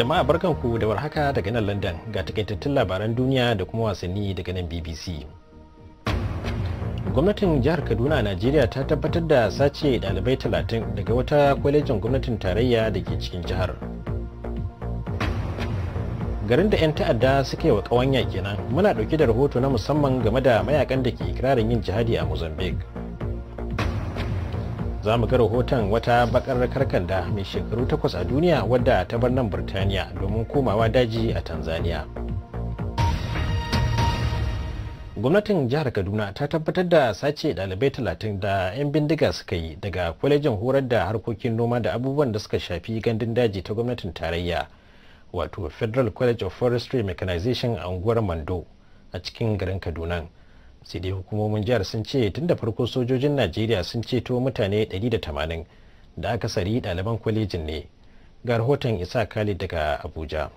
Jama'a barkanku da warhaka daga nan London ga takaitattun labaran duniya da kuma wasanni daga nan BBC. Gwamnatin jihar Kaduna a Najeriya ta tabbatar da sace ɗalibai talatin daga wata kwalejin gwamnatin tarayya da ke cikin jihar. Garin da 'yan ta'adda suka yi wa ƙawanya kenan muna ɗauke da rahoto na musamman game da mayakan da ke ikirarin yin jihadi a Mozambique. za mu ga rahoton wata bakar karkanda mai shekaru takwas a duniya wadda ta bar nan birtaniya domin komawa daji a tanzania gwamnatin jihar kaduna ta tabbatar da sace dalibai talatin da 'yan bindiga suka yi daga kwalejin horar da harkokin noma da abubuwan da suka shafi gandun daji ta gwamnatin tarayya wato federal college of forestry mechanization a unguwar mando a cikin garin kaduna sai dai hukumomin jihar sun ce tun da farko sojojin najeriya sun ceto mutane 180 da aka akasari ɗaliban kwalejin ne ga rahoton isa khalid daga abuja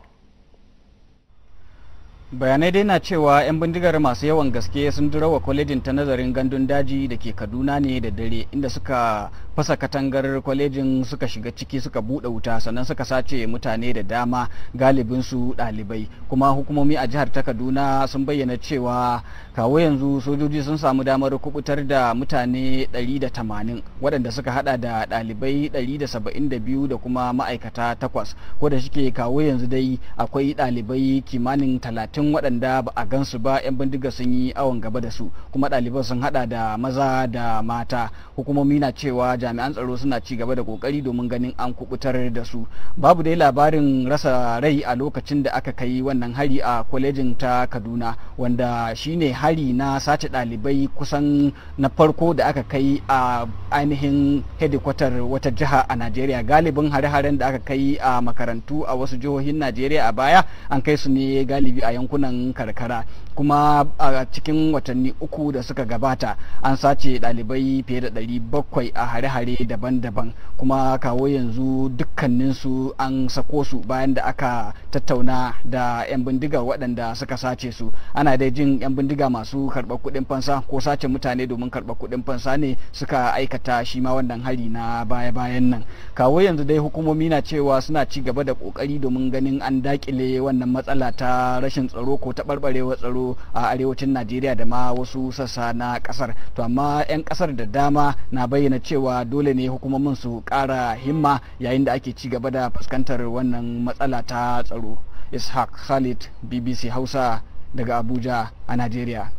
bayanai dai na cewa 'yan bindigar masu yawan gaske sun durawa kwalejin ta nazarin gandun daji da ke kaduna ne da dare inda suka fasa katangar kwalejin suka shiga ciki suka buɗe wuta sannan suka sace mutane da dama galibinsu ɗalibai kuma hukumomi a jihar ta kaduna sun bayyana cewa kawo yanzu sojoji sun samu damar kubutar da mutane 180 waɗanda suka hada da ɗalibai 172 da kuma ma'aikata takwas ko da shike kawo yanzu dai akwai ɗalibai kimanin 30 cikin waɗanda ba a gansu ba 'yan bindiga sun yi awon gaba da su kuma ɗaliban sun hada da maza da mata hukumomi na cewa jami'an tsaro suna ci gaba da kokari domin ganin an kubutar da su babu dai labarin rasa rai a lokacin da aka kai wannan hari a kwalejin ta kaduna wanda shine hari na sace ɗalibai kusan na farko da aka kai a ainihin hedikwatar wata jiha a najeriya galibin hare-haren da aka kai a makarantu a wasu jihohin najeriya a baya an kai su ne galibi a yankunan karkara kuma a cikin watanni uku da suka gabata an sace ɗalibai fiye da ɗari bakwai a hare-hare daban-daban kuma kawo yanzu dukkaninsu an sako su bayan da aka tattauna da 'yan bindiga waɗanda suka sace su ana dai jin 'yan bindiga masu karɓar kuɗin fansa ko sace mutane domin karɓar kuɗin fansa ne suka aikata shi ma wannan hari na baya-bayan nan kawo yanzu dai hukumomi na cewa suna ci gaba da ƙoƙari domin ganin an daƙile wannan matsala ta rashin tsaro ko taɓarɓarewar tsaro a arewacin najeriya da ma wasu sassa na ƙasar to amma 'yan ƙasar da dama na bayyana cewa dole ne hukumomin su ƙara himma yayin da ake ci gaba da fuskantar wannan matsala ta tsaro ishaq khalid bbc hausa daga abuja a najeriya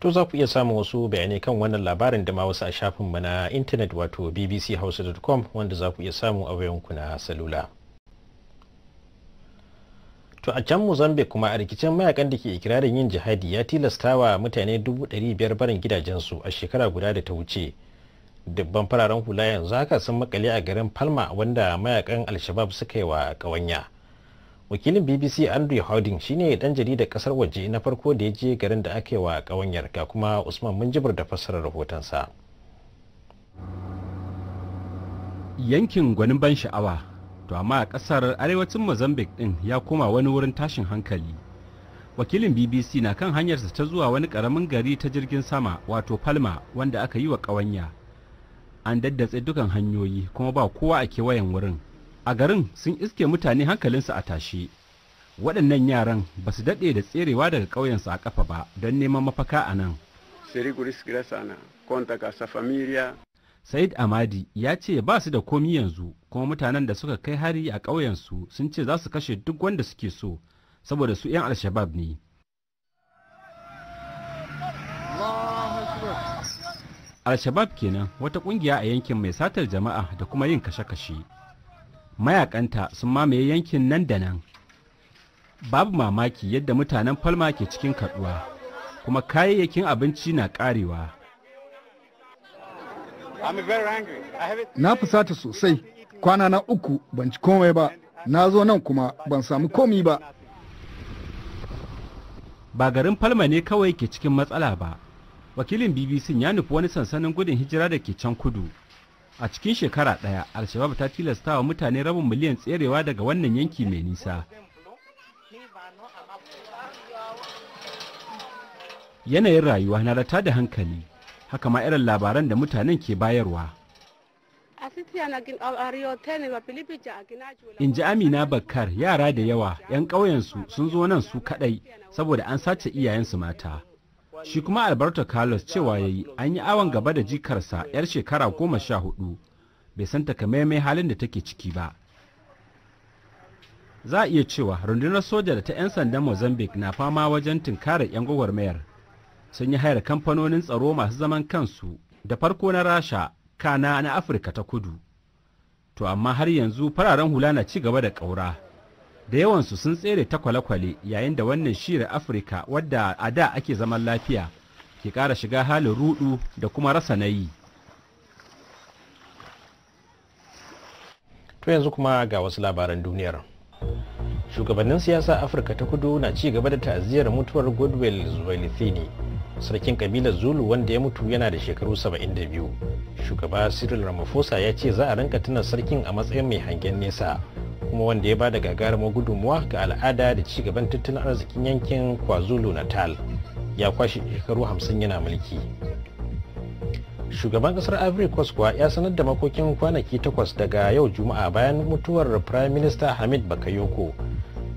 to za ku iya samun wasu bayanai kan wannan labarin da ma wasu a shafinmu na intanet wato bbchausa.com wanda za ku iya samu a wayanku na salula. to a can mozambique kuma a rikicin mayakan da ke ikirarin yin jihadi ya tilastawa mutane dubu biyar barin gidajensu a shekara guda da ta wuce dubban fararen hula yanzu haka sun makale a garin palma wanda mayakan alshabab suka yi wa kawanya wakilin bbc andrew harding shine dan jarida kasar waje na farko da ya je garin da aka yi wa kawanyar ga kuma usman munjibir da fassarar rahotonsa yankin gwanin ban sha'awa to amma a ƙasar arewacin mozambique ɗin ya koma wani wurin tashin hankali wakilin bbc na kan hanyarsa ta zuwa wani ƙaramin gari ta jirgin sama wato palma wanda aka yi wa ƙawanya an daddatse dukan hanyoyi kuma ba kowa a kewayen wurin a garin sun iske mutane hankalinsu a tashe waɗannan yaran ba su daɗe da tserewa daga ƙauyensu a ƙafa ba don neman mafaka a nan. said amadi ya ce ba su da komi yanzu kuma mutanen da suka kai hari a ƙauyensu sun ce za su kashe duk wanda suke so saboda su 'yan alshabab ne alshabab kenan wata ƙungiya a yankin mai satar jama'a da kuma yin kashe-kashe mayakanta sun mamaye yankin nan da nan babu mamaki yadda mutanen falma ke cikin kaduwa kuma kayayyakin abinci na ƙarewa Na fusata sosai, kwana na uku ban ci komai ba, na zo nan kuma ban samu komi ba. Ba garin Falma ne kawai ke cikin matsala ba. Wakilin BBC ya nufi wani sansanin gudun hijira da ke can kudu. A cikin shekara ɗaya, Alshabab ta tilasta wa mutane rabin miliyan tserewa daga wannan yanki mai nisa. Yanayin rayuwa na rata da hankali. haka ma irin labaran da mutanen ke bayarwa in ji amina bakkar yara da yawa 'yan ƙauyensu sun zo nan su kaɗai saboda an sace iyayensu mata shi kuma alberto carlos cewa ya yi an yi awon gaba da jikarsa 'yar shekara goma sha hudu bai san takamaimai halin da take ciki ba za a iya cewa rundunar soja da ta 'yan sandan mozambique na fama wajen tunkarar 'yan gwagwarmayar sun yi hayar kamfanonin tsaro masu zaman kansu da farko na rasha kana na afirka ta kudu to amma har yanzu fararen hula na ci gaba da ƙaura da yawansu sun tsere ta kwale-kwale yayin da wannan shirin afirka wadda a da ake zaman lafiya ke ƙara shiga halin rudu da kuma rasa nayi to yanzu kuma ga wasu labaran duniyar shugabannin siyasa afirka ta kudu na ci gaba da ta'aziyar mutuwar goodwill zuwa sarkin kabilar zulu wanda ya mutu yana da shekaru 72 shugaba cyril ramaphosa ya ce za a rinka tuna sarkin a matsayin mai hangen nesa kuma wanda ya ba da gagarumar gudunmuwa ga al'ada da ci gaban tattalin arzikin yankin kwazulu natal ya kwashe shekaru 50 yana mulki shugaban kasar ivory coast kuwa ya sanar da makokin kwanaki takwas daga yau juma'a bayan mutuwar prime minister hamid bakayoko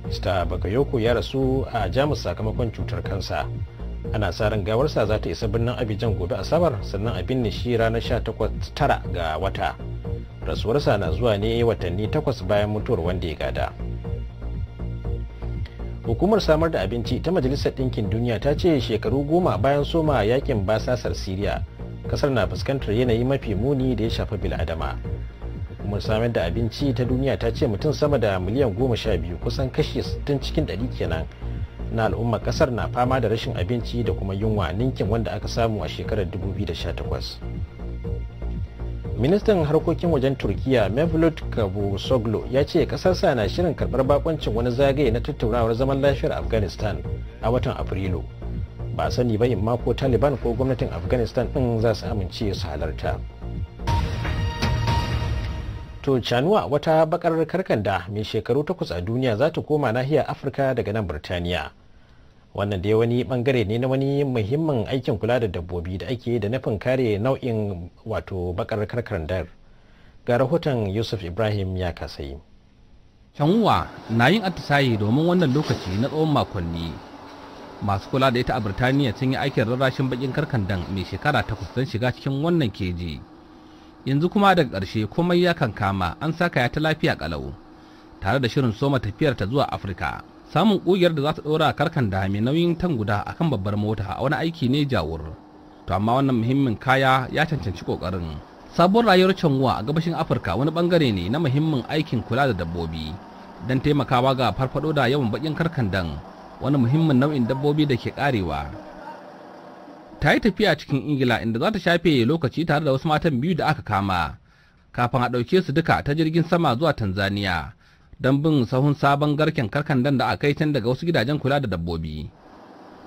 mr bakayoko ya rasu a jamus sakamakon cutar kansa ana sa ran gawarsa za ta isa birnin abijan gobe asabar sannan a binne shi ranar 18 tara ga wata rasuwarsa na zuwa ne watanni takwas bayan mutuwar wanda ya gada hukumar samar da abinci ta majalisar ɗinkin duniya ta ce shekaru goma bayan soma yakin basasar siriya kasar na fuskantar yanayi mafi muni da ya shafi biladama hukumar samar da abinci ta duniya ta ce mutum sama da miliyan goma sha biyu kusan kashi 60 cikin ɗari kenan na al'ummar kasar na fama da rashin abinci da kuma yunwa ninkin wanda aka samu a shekarar 2018 ministan harkokin wajen turkiya mevlut cavusoglu ya ce kasarsa na shirin karbar bakoncin wani zagaye na tattaunawar zaman lafiyar afghanistan a watan afrilu ba sani ba in mako taliban ko gwamnatin afghanistan din za su amince su halarta to chanuwa wata bakar karkanda mai shekaru takwas a duniya za ta koma nahiyar afirka daga nan birtaniya wannan dai wani bangare ne na wani muhimmin aikin kula da dabbobi da ake da nufin kare nau'in wato bakar karkandar ga rahoton yusuf ibrahim ya kasayi canwa na yin atisaye domin wannan lokaci na tsawon makonni masu kula da ita a birtaniya sun yi aikin rarrashin bakin karkandan mai shekara takwas don shiga cikin wannan keji yanzu kuma daga ƙarshe komai ya kama an saka ya ta lafiya ƙalau tare da shirin soma tafiyar ta zuwa afirka samun ƙugiyar da za ta ɗora karkan da mai nauyin tan guda a kan babbar mota a wani aiki ne jawur to amma wannan muhimmin kaya ya cancanci ƙoƙarin sabuwar rayuwar canwa a gabashin afirka wani bangare ne na muhimmin aikin kula da dabbobi don taimakawa ga farfaɗo da yawan bakin karkandan wani muhimmin nau'in dabbobi da ke ƙarewa. ta yi tafiya cikin ingila inda za ta shafe lokaci tare da wasu matan biyu da aka kama kafin a ɗauke su duka ta jirgin sama zuwa tanzania don bin sahun sabon garken karkandan da aka yi can daga wasu gidajen kula da dabbobi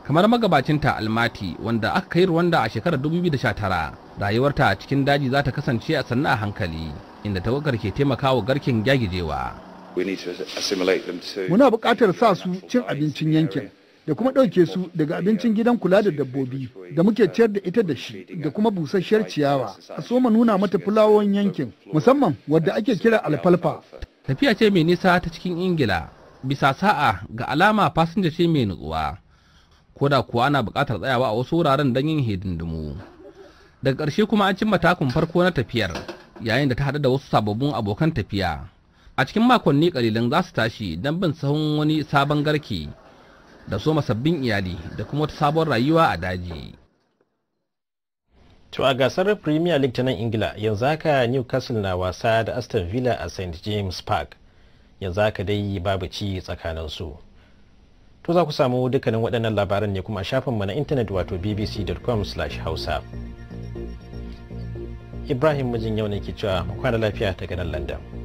kamar magabacinta almati wanda aka kai rwanda a shekarar 2019 rayuwarta cikin daji za ta kasance a sannu a hankali inda tawagar ke taimakawa garken gyagijewa muna buƙatar sa su cin abincin yankin da kuma ɗauke su daga abincin gidan kula da dabbobi da muke ciyar da ita da shi da kuma busasshiyar ciyawa a soma nuna mata fulawon yankin musamman wadda ake kira alfalfa tafiya ce mai nisa ta cikin ingila bisa sa'a ga alama fasinja ce mai nutsuwa ko da kuwa ana bukatar tsayawa a wasu wuraren don yin hidindimu daga ƙarshe kuma an cimma takun farko na tafiyar yayin da ta haɗu da wasu sababbin abokan tafiya a cikin makonni ƙalilan za su tashi don bin sahun wani sabon garki. da soma sabbin iyali da kuma wata sabon rayuwa a daji. To a gasar Premier League ta nan Ingila yanzu haka Newcastle na wasa da Aston Villa a St James Park yanzu haka dai babu ci tsakanin su To za ku samu dukkanin waɗannan labaran ne kuma a shafinmu na intanet wato bbc.com/hausa. Ibrahim mijin yau ne ke cewa kwana lafiya ta ganin London.